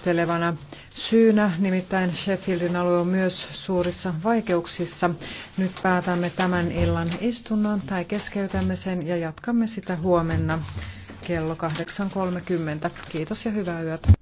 houkuttelevana syynä, nimittäin Sheffieldin alue on myös suurissa vaikeuksissa. Nyt päätämme tämän illan istunnon tai keskeytämme sen ja jatkamme sitä huomenna kello 8.30. Kiitos ja hyvää yötä.